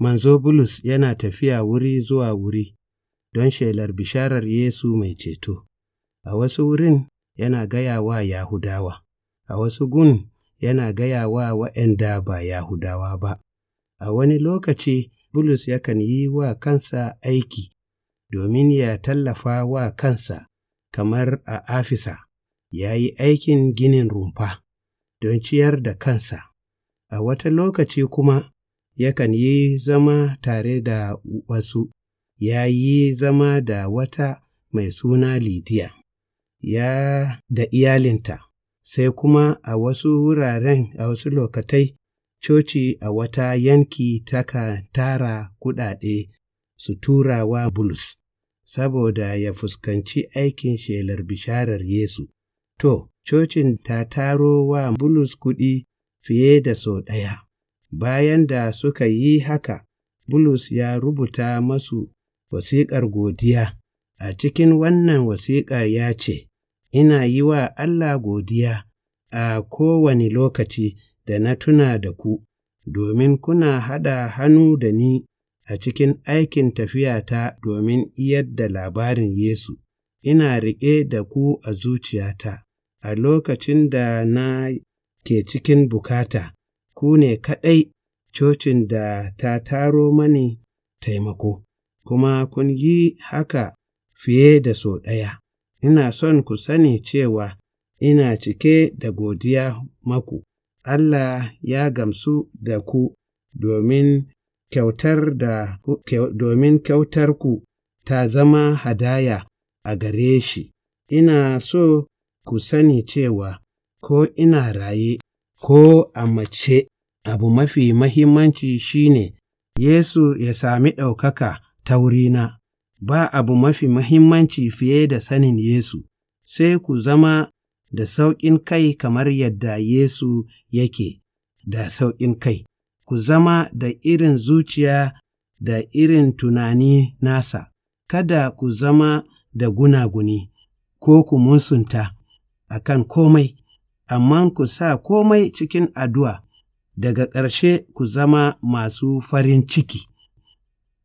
manzo Bulus yana tafiya wuri zuwa wuri don shelar bisharar Yesu mai ceto, a wasu wurin yana gaya wa Yahudawa, a wasu gun yana gaya wa waɗanda ba Yahudawa ba, a wani lokaci Bulus yakan yi wa kansa aiki domin ya tallafa wa kansa, kamar a Afisa, ya yi aikin ginin rumfa don ciyar da kansa, a wata lokaci kuma yakan yi zama tare da wasu, ya yi zama da wata mai suna Lidiya, ya da iyalinta, sai kuma a wasu wuraren a wasu lokatai, coci a wata yanki taka tara kuɗaɗe su tura wa Bulus, saboda ya fuskanci aikin shelar bisharar Yesu. To, cocin ta taro wa Bulus kuɗi fiye da sau ɗaya. Bayan da suka yi haka, Bulus ya rubuta masu wasiƙar godiya, a cikin wannan wasiƙa ya ce, Ina yi wa Allah godiya a kowane lokaci da na tuna da ku, domin kuna haɗa hannu da ni a cikin aikin tafiyata domin iyar da labarin Yesu, ina riƙe da ku a zuciyata a lokacin da na ke cikin bukata, ku ne kaɗai cocin da ta taro mani taimako, kuma kun yi haka fiye da sau ɗaya. Ina son ku sani cewa ina cike da godiya maku, Allah ya gamsu da ku domin kyautar ku ta zama hadaya a gare shi. Ina so ku sani cewa ko ina raye ko a mace abu mafi mahimmanci shine Yesu ya sami ɗaukaka ta wurina, ba abu mafi mahimmanci fiye da sanin Yesu, sai ku zama da sauƙin kai kamar yadda Yesu yake da sauƙin kai, ku zama da irin zuciya da irin tunani nasa, kada ku zama da gunaguni ko ku musunta a kan komai, amma ku sa komai cikin addu'a daga ƙarshe ku zama masu farin ciki.